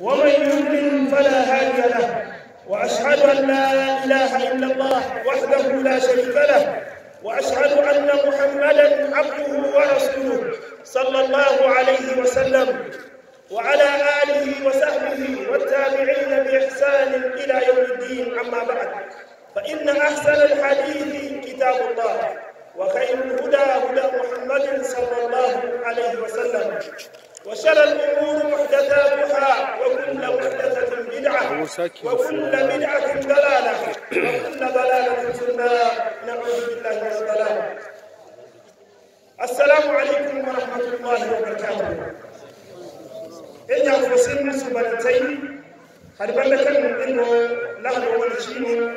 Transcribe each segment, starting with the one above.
ومن يؤمن فلا هادي له واشهد ان لا اله الا الله وحده لا شريك له واشهد ان محمدا عبده ورسوله صلى الله عليه وسلم وعلى اله وصحبه والتابعين باحسان الى يوم الدين اما بعد فان احسن الحديث كتاب الله وخير الهدى هدى محمد صلى الله عليه وسلم وشر الأمور محدثاتها وكل محدثة بدعة وكل بدعة ضلالة وكل ضلالة في النار نعوذ بالله من الضلال السلام عليكم ورحمة الله وبركاته إن أنفسنا سبحانتين هل بلكن إنه له ولشين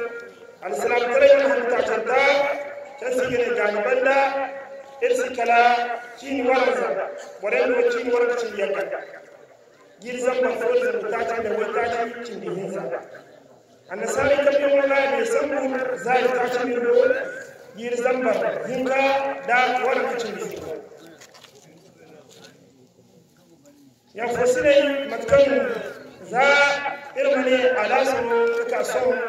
على السلام عليكم ورحمة الله تسجيل جانب irsi kala cin waransa boren no cin waransa cin yanka gilzan ba ta wajen mutaci da mutaci cin a annasari kafin wala ne sambu zai ta cin da wala gilzan ba hinka da waransa cin dihinsa ya fosire matkan za irmane alasu ka son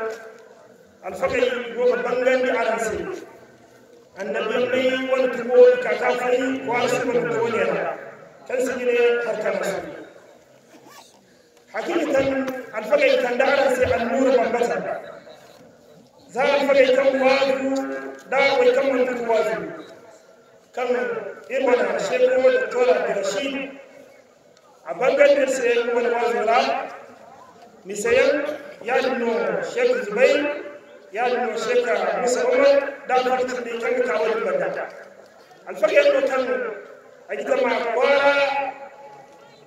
alfakai goma bangan da aransa annabi ne wani tubo ka ka fari ko an su mun tubo ne ra kan su ne har kan su hakikatan alfaga itan da ara sai annuru bambata za a itan wazu da wai kan mun tubo wazu kan irwana shekaru da tola da shi. a bangar sai wani wazu ra misayan ya dino shekaru zubai ya dino shekaru musa umar dal da ta ni kan ka wani banda al fage no tan aji ta ma kwara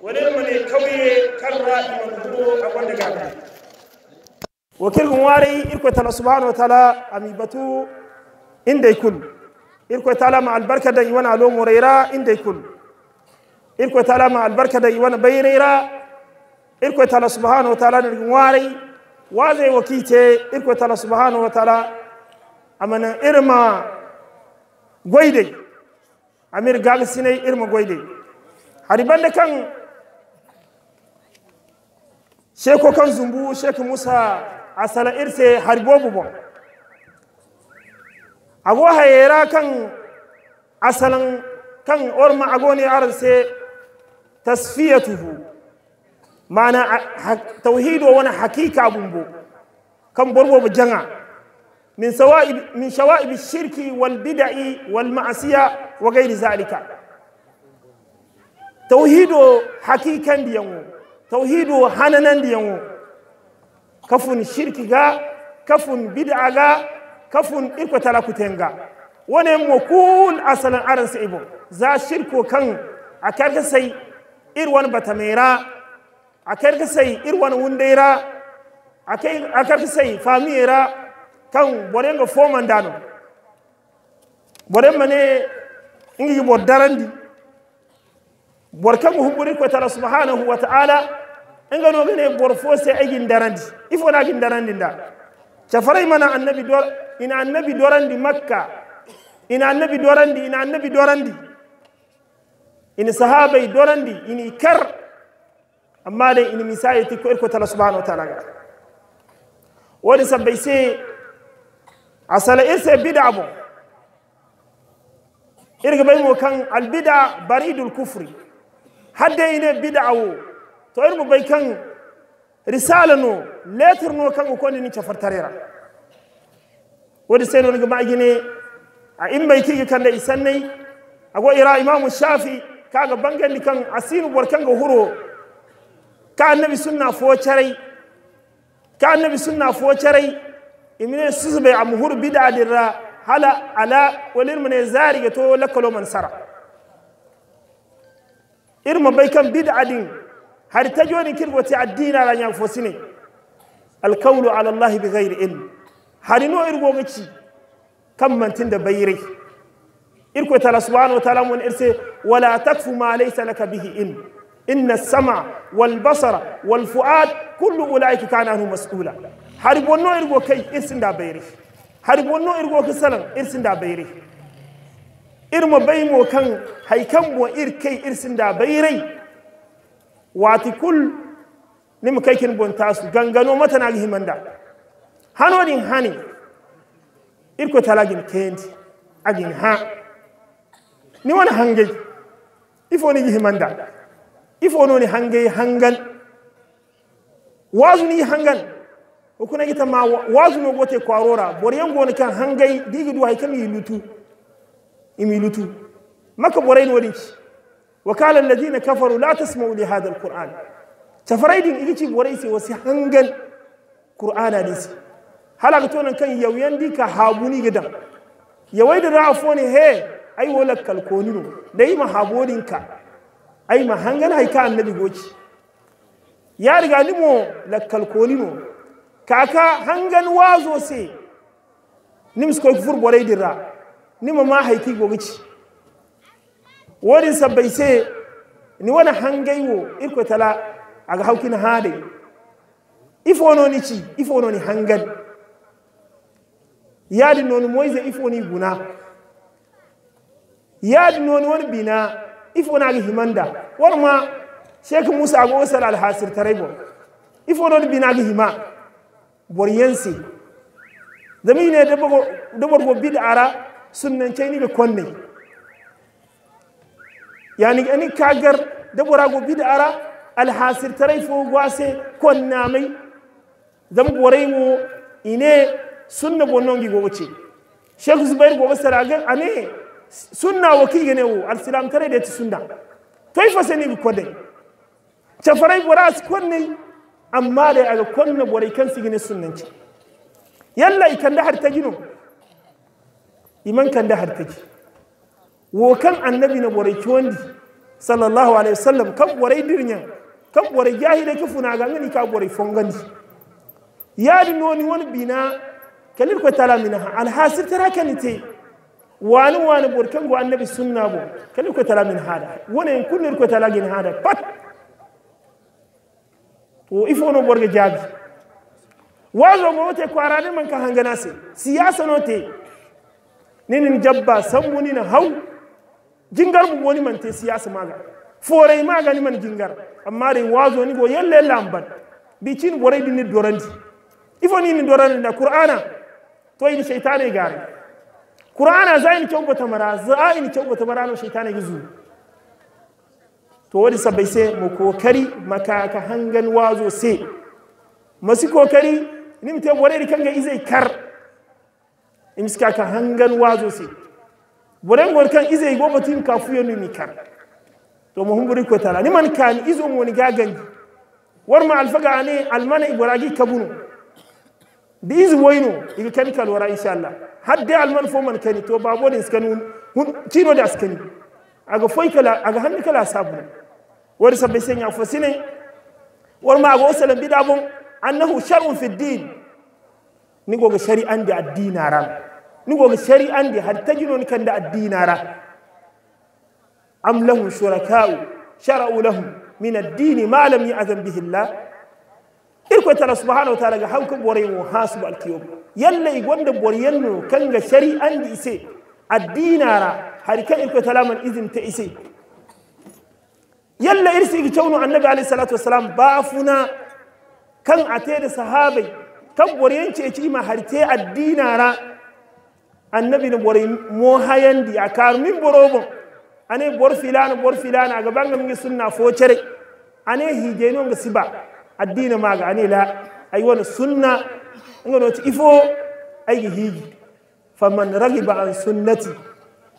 wani mane kauye kan ra'i manzo a wanda ga wakil wari irko tala subhanahu wa ta'ala amibatu inda ikul irko ta'ala ma albarka da iwana lo moreira inda ikul irko ta'ala ma albarka da iwana bayreira irko ta'ala subhanahu wa ta'ala nirgin wari waze wakite irko ta'ala subhanahu wa ta'ala amana irma gwaide amir gal sinay irma gwaide hari da kan shekokan kan zumbu shek musa asala irse hari bobu ago hayera kan asalan kan orma agoni arse tasfiyatuhu mana tauhido wani hakika abubu, kan borbo janga من سوائب من شوائب الشرك والبدع والمعصية وغير ذلك توحيد حقيقة ديانو توحيد حننا ديانو كفن الشرك غا كفن بدع غا كفن إلكو تلاكتين غا ونم وكل أصلا أرنس إبو ذا الشرك وكان أكارك سي إروان بتميرا أكارك سي إروان ونديرا أكارك سي فاميرا kan borenga foman dano boren mane ingi bor darandi bor kan hubbori ko tala subhanahu wa ta'ala inga no gane bor fo se agin darandi ifo na agin darandi da cafarai mana annabi dor ina annabi dorandi makka ina annabi dorandi ina annabi dorandi ina sahabai dorandi ina kar amma dai ina misayati ko irko tala subhanahu wa ta'ala wani sabbai sai asala ise bid'a bo irin bay mo kan al bid'a baridul kufri hadde ine bid'a wo to irin bai kan risala no lettre no kan ko ni chafartarera wodi seno ngi magine a in bai kan da kirgi kande isannay ago ira imam shafi kaga bangandi kan asinu bor kan go huro ka annabi sunna fo charai ka annabi sunna fo carai? imine susbe am hur bida dirra hala ala walin mune zari ga to lakalo man sara irma bai kan bid'a din har ta joni kirgo ti addina la nyang fosine al qawlu ala allah bi ghairi ilm hari no irgo gaci kan mantin da bayire irko ta la subhanahu wa ta'ala mun irse wala takfu ma laysa laka bihi ilm inna as-sama wal basara wal fuad kullu ulaika kana anhu mas'ula hari bonno irgo irsin da bayri hari bonno irgo ka irsin da bayri irma bai mo kan haikan bo ir irsin da bayri wati kul nim kai kin bon tasu gangano mata na himanda hano din hani irko talagin kendi agin ha ni wani hange ifo ni himanda ifo no ni hange hangal wazu ni hangal okuna gita ma wazu no gote kwarora boryan goni kan hangai digi duwa kan yi lutu imi lutu maka borain wadin ci wa kala alladhina kafaru la tasma'u li hadha alquran din igici borai sai wasi hangan qur'ana disi halaka tonan kan yauyan dika habuni gidan yawai da ra'afo ne he ai wala kalkonino dai ma habodin ka ai ma hangan haika annabi goci ya riga limo la kalkonino kaka hangan wazo se nims ko kufur boray dirra nima ma haiki gogici wodin sabai se ni wana hangai wo irko tala aga hawkin haade ni ci ni hangan yaadi noon moyse ifoni guna yaadi noon wani bina ga himanda worma cheikh moussa aga o sala alhasir taray ni bina ga hima yi ne boryensi zamine deborgo bid'ara da kwanne ya ni gani kagar deborago bid'ara alhasirtaray fo mai zama gwarai mu ine sunna bonnongi gogo ce cheikh zubair gogo saraga ne sunna wo kiigene da alsilam taray de ti sunna toy bi kodde cafaray gwara su kwanne. amma da aga konna borai kan sigine sunnanci yalla ikan da harta gino iman kan da harta gi wo kan annabi na borai ki wandi sallallahu alaihi wasallam kan borai dirnya kan borai jahile ki funa ga ngani ka borai fongandi yadi noni wani bina kalir ko tala minaha alhasir tara kanite wani wani borkan go annabi sunna bo kalir ko tala min hada wani kullir ko tala gin hada pat il ifo no borgo jabi. wazo mo te ko arade man kan hangana se siyasa no te nin jabba sambu na hau jingar mu woni man te siyasa maga fore maga ni man jingar amma dai wazo ni go yelle lamban bi cin borai ni dorandi ifo ni ni dorandi da qur'ana to yi shaytane gare qur'ana zain chobota mara za'in chobota mara no shaytane gizu to wadi sabai sai mu kokari maka ka hangan wazo sai masu kokari ni mutum te bore kan ga izai kar in ka hangan wazo se bore ngor izai go tun ka fuye ni kar to mu humburi ko tara ni man kan izo mu wani gagan war ma alfaga ne almana ibragi kabunu da izi waino iga kan kalwara insha Allah hadde alman fo man kani to suka skanu kino da skani aga hannu kala aga hanni kala sabuna wori sabbe senya fo sine worma aga salam bida bon annahu shar'un fi din ni goga shari'an da addina ram ni goga shari'an da har tajino ni kanda addina ra am lahum shuraka'u shara'u min addini din ma lam bihi Allah irko tara subhanahu wa ta'ala ga mu hasu al-qiyam yalla igwanda bore yanno kanga shari'an da ise addinara hari ka irko talaman izin ta ise yalla irsi igi taunu annabi alayhi salatu wassalam afuna kan da sahabai kan boriyanci e ciima hari te addinara annabi ne bori mo hayandi a karu min borobon ane bor filana bor filana ga banga mingi sunna fo cere ane no ga siba addina ga ane la ay wona sunna ngano ti ifo aygi hiji faman ba an sunnati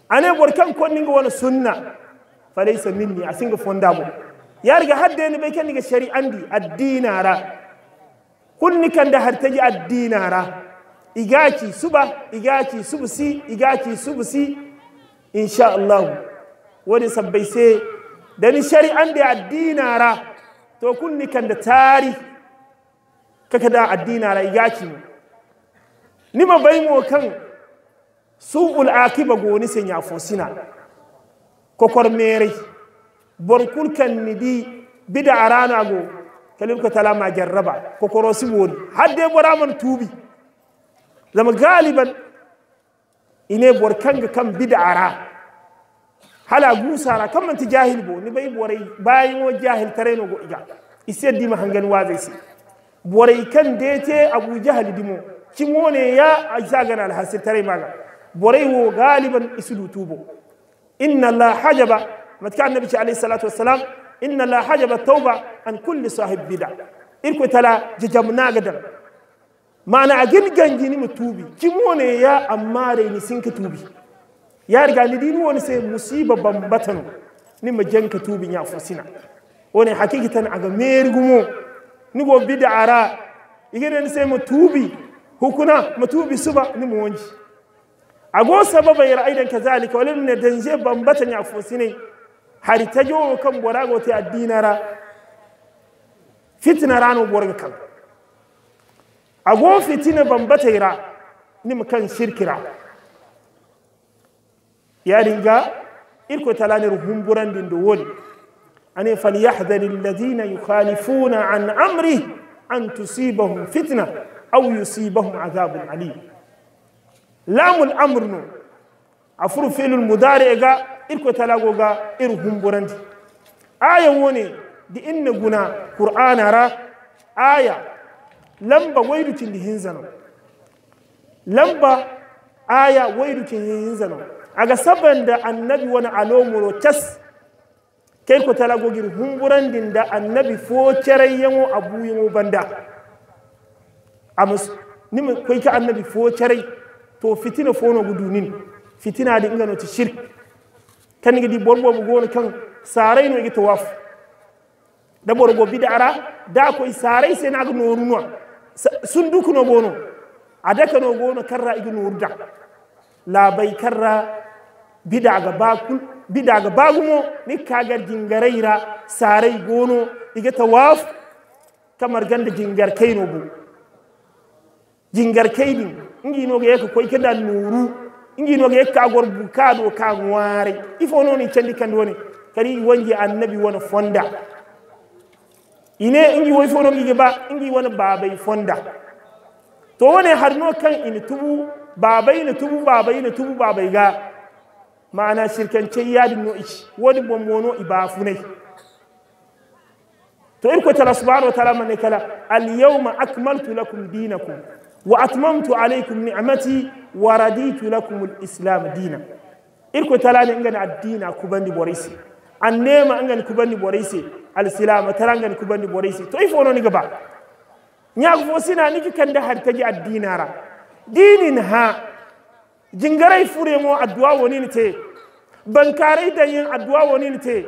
ane bor kan konninga wani sunna falaysa minni a singa fondamo yariga haddeni ɓe a sari andi addinara kunni da har taji addinara igaci suba igaci subsi igaci Wani sabbai sai, da ni dani sari a dinara, to kunni kanda taari kakada addinara igacimo nima baymo kan su'ul akiba goni sai ya fosina kokor mere bor kulkan nidi bida arana go kalim ko tala ma jarraba kokoro si woni hadde boraman tubi zama galiban ine bor kanga kam bida ara hala gusara kam man tijahil bo ni bay boray bayi mo jahil tareno go iga iseddi ma hangen waze si boray kan dete abu jahal dimo kimone ya al hasir tare maga بريو غالبا اسدو توبو ان الله حجب ما كان النبي عليه الصلاه والسلام ان الله حجب التوبه عن كل صاحب بدع إلكو تلا ججمنا قدر ما أنا أجن جنجني متوبي كمونه يا أمارة نسينك توبي يا رجال الدين وانا سي مصيبة بمبتنو نما جنك توبي يا فرسنا وانا حقيقة أنا أجمير جمو نقول بدعارا يقول أنا متوبي هو كنا متوبي سبا نمونج ago sababa yar aidan kazalika walin ne danje bambata nya fosine hari tajo kan borago te addinara fitna rano borga kan ago fitina bambata yara nim kan shirkira ya dinga irko talanir humburan din do woni ani falyahdhar alladhina yukhalifuna an amri an tusibahum fitna aw yusibahum adhabun alim lamul amurnu a furfilin filul mudare ga irko e talago ga ir humburandi ayan wone di inna guna qur'ana ra aya lamba waidukin di hinzano lamba aya a ga saban da annabi wani alomoro tas kai ko talago gir humburandin da annabi fo cerai abu yango banda amus ni kai ka annabi fo to fitina fono gu dunin fitina di ngano ci shirk kan ngi di borbo bu gono kan sarai no igi tawaf da borbo bid'ara da ko sarai sai na gno ruwa sun duku no gono adaka no gono karra igi no urda la bai karra bid'a ga bakul bid'a ga bagumo ni kagar dingareira sarai gono igi tawaf kamar ganda jingar kaino bu jingar keyɗin ga yeko koye keɗa nuru nginoga yekka gorbu kaɗo ka waare il faut noon i candi kandi woni kari wonji annabi wona fonda ine ingi woy fo noon gige ba ingi wona yi fonda to har no kan in tubu baba yi tubu baba yi tubu yi ga mana sirkance yadi no ici wodi bombono i bafunay to irko tala subhanahu wa taala mane kala al yawma akmaltu lakum dinakum wa atmamtu alaikum ni'amati wa raditu lakum al-islam dina irko talani ngani addina kubandi borisi annema ngani kubandi borisi al-islam talangani ku borisi to ifo no ni gaba nyago fo sina ni kan da har taji addina ra dinin ha jingarai fure mo addu'a woni ni te bankarai da yin addu'a woni ni te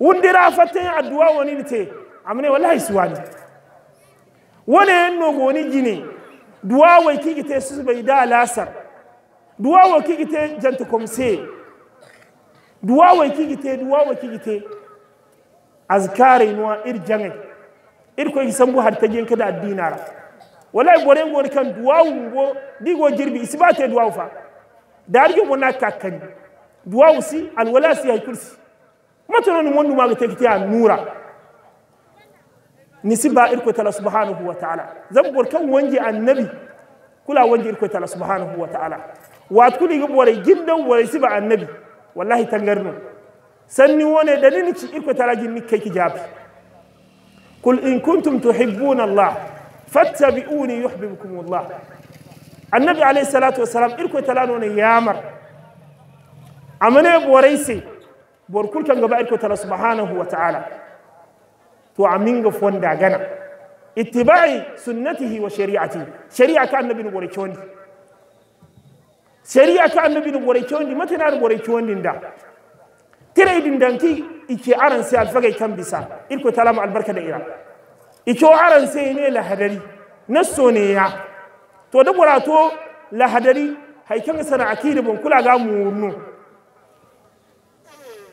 wundira fatin addu'a woni ni te amne wallahi suwani wone no goni jini duwa wai ki gite su bai da lasar duwa wai ki gite janta komse duwa wai ki gite duwa wai ki gite azkari nuwa ir jange ir ko isan bu har tagen kada addinara wallahi bore ngor kan duwa wumbo digo jirbi isbate duwa fa dargi mona kakkani duwa usi alwala si ay kursi matano ni mondu ma ga tekiti an nura نسبة إركوة سبحانه وتعالى زنبور كان ونجي النبي كلا ونجي إركوة سبحانه وتعالى واتكل يقب ولي جدا ولي سبع النبي والله تنقرنا سني وانا دليل إركوة راجل كيك جابي قل إن كنتم تحبون الله فاتبعوني يحببكم الله النبي عليه الصلاة والسلام إركوة تلانون يامر أمنا بوريسي بور كل كان قبائل سبحانه وتعالى to a minga fonda gana ittiba'i sunnatihi wa shari'ati shari'a ka annabi no gore chondi shari'a ka annabi no gore chondi mata na gore chondi da tirai idin danki ike aran sai alfagai kan bisa irko talama albarka da ira ike aran sai ne lahadari na ne ya to da burato lahadari haikan sana akidi bun kula ga murnu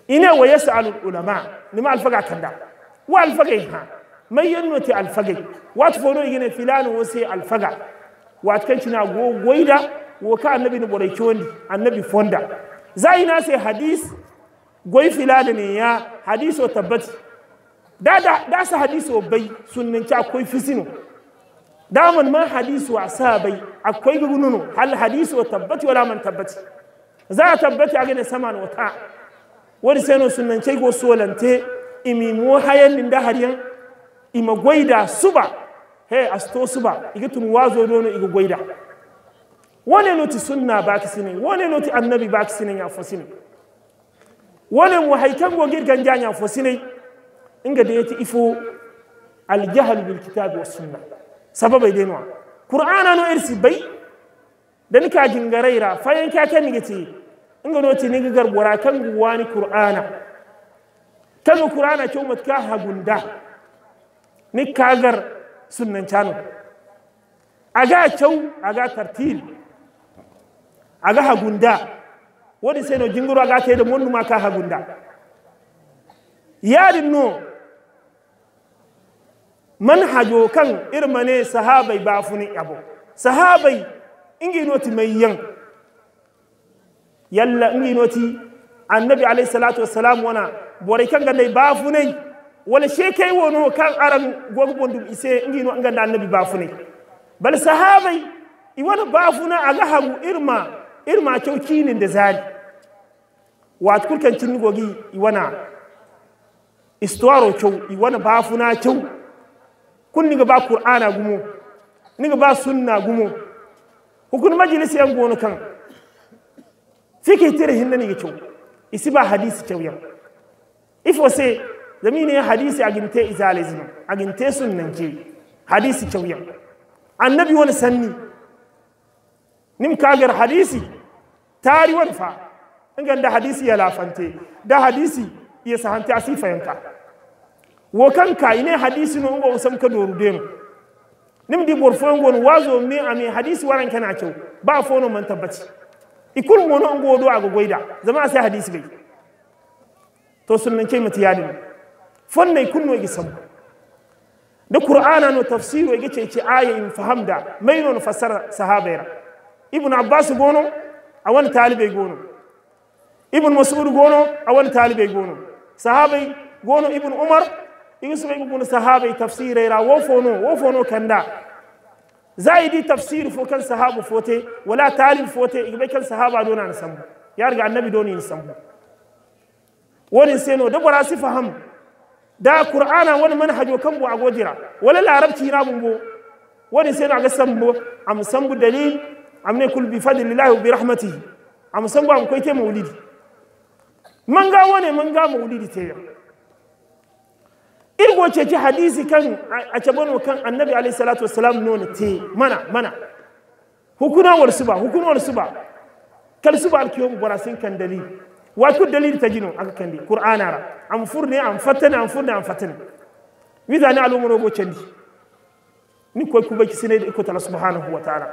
ina wa yas'alul ulama nima alfaga kanda wa alfagai ha mai nuna ta alfagai wata foro yana filanin wasu ya alfaga wata kan cina gogoi da woka annabi na boraki wani annabi fonda za a yi nasa hadis goyi filanin ne ya o tabbati da su o bai sunan ci akwai fisino daman ma hadiso a sa bai akwai gununu hal o tabbati wala man tabbati za a tabbati a gina sama wata wani sai no sunan ci go solante imi hayan hayen linda hariyan ima su suba he asto suba tun wazo dono igo goida wone noti sunna baki sinin wane noti annabi baki sinin ya fo sinin wone mo haykan go girgan janya fo sinin inga da yati ifo aljahl bil kitab was sunna sababa dai no qur'ana no irsi bai dan ka gingaraira fayan ka kan nigati inga noti niga garbora kan guwani qur'ana Ta kurana qur'ana matuka ka hagunda ni kagar sunan a ga aga a ga tartil aga hagunda wodi seno jinguro aga wani monnuma ka hagunda Yadin no manhajo kan irmane sahabai ba funi abu sahabai noti mai yan yalla noti. annabi alai salatu wassalam wana boray kanga nday bafunay wala shekay wani kan aran gogo bondum ise an ganda annabi ne bal sahabai i wani bafuna aga hagu irma irma kyauki da zari wato kurkan cin gogi i wana istuwaro kyau i wani bafuna kyau kun niga ba kur'ana gumo niga ba sunna gumo hukun majalisi yan gonu kan fike tire hinna kyau isi ba hadisi kyauyan ifo se zami ne hadisi aginte izalizm aginte ke hadisi kyauyan annabi wani sanni nim kagar hadisi tari wani fa ingan da hadisi ya lafante da hadisi ya sahanta asifa yanka wo ka ine hadisi no ngo usam ka doru dem nim di borfo ngon wazo me ame hadisi waran kana kyau ba fono man tabbaci ikul mono an godo a goida zama sai hadisi bai to sunan kai din fon ne ikul no gisam da qur'ana no tafsiro gice ce aya in fahamda mai no fassara sahabaira ibnu abbas gono a wani talibai gono ibnu mas'ud gono a wani talibai gono sahabai gono ibnu umar in su bai gono sahabai tafsirai ra wofono wofono kanda Za yi tafsir fo kan sahabu fote wala talib fote igbe kan sahaba dona na sambu ya riga annabi doni yin sambu wani seno da bara si faham da qur'ana wani manhajo kan bu agodira wala larabci na bumbo wani seno aga sambu am sambu dalil am ne kul bi fadlillahi wa bi rahmatihi am sambu am koyte maulidi manga wani manga maulidi te irgo ce ci hadisi kan a cabano kan annabi alaihi salatu wassalam nona te mana mana hukunawar su ba hukunawar su ba kal su ba alkiyo mu bara sun kan dalil wato dalil ta jino aka kan kandi qur'ana ra an furne an fatana an furne an fatana wiza ne al'umma rogo candi ni ko ku baki sinai da iko ta subhanahu wa ta'ala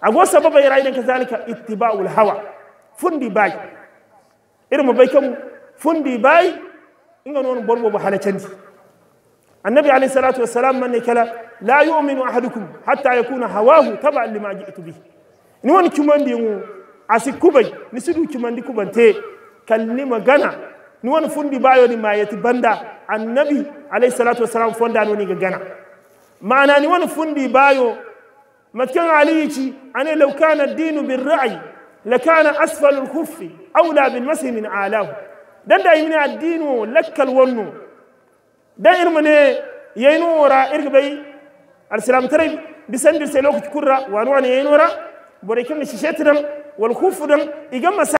a go sababa yara idan kazalika ittiba'ul hawa fundi bai irin mu mabai kan fundi bai ga non borbo ba halacandi النبي عليه الصلاة والسلام من كلا لا يؤمن أحدكم حتى يكون هواه تبع لما جئت به نوان كمان ديو أسي كوبي نسيدو كمان دي كوبان تي كلمة غانا نوان فندي بايو دي ما يتبندا النبي عليه الصلاة والسلام فندا نوني غانا معنى نوان فندي بايو ما كان عليتي أنا لو كان الدين بالرعي لكان أسفل الخف أولى بالمسي من أعلاه دندا يمنع الدين لك الونو دائر من ينورا إركبي السلام تري بسند سلوك كرة وانوان ينورا بريكم الشيشات والخوف دم إجمع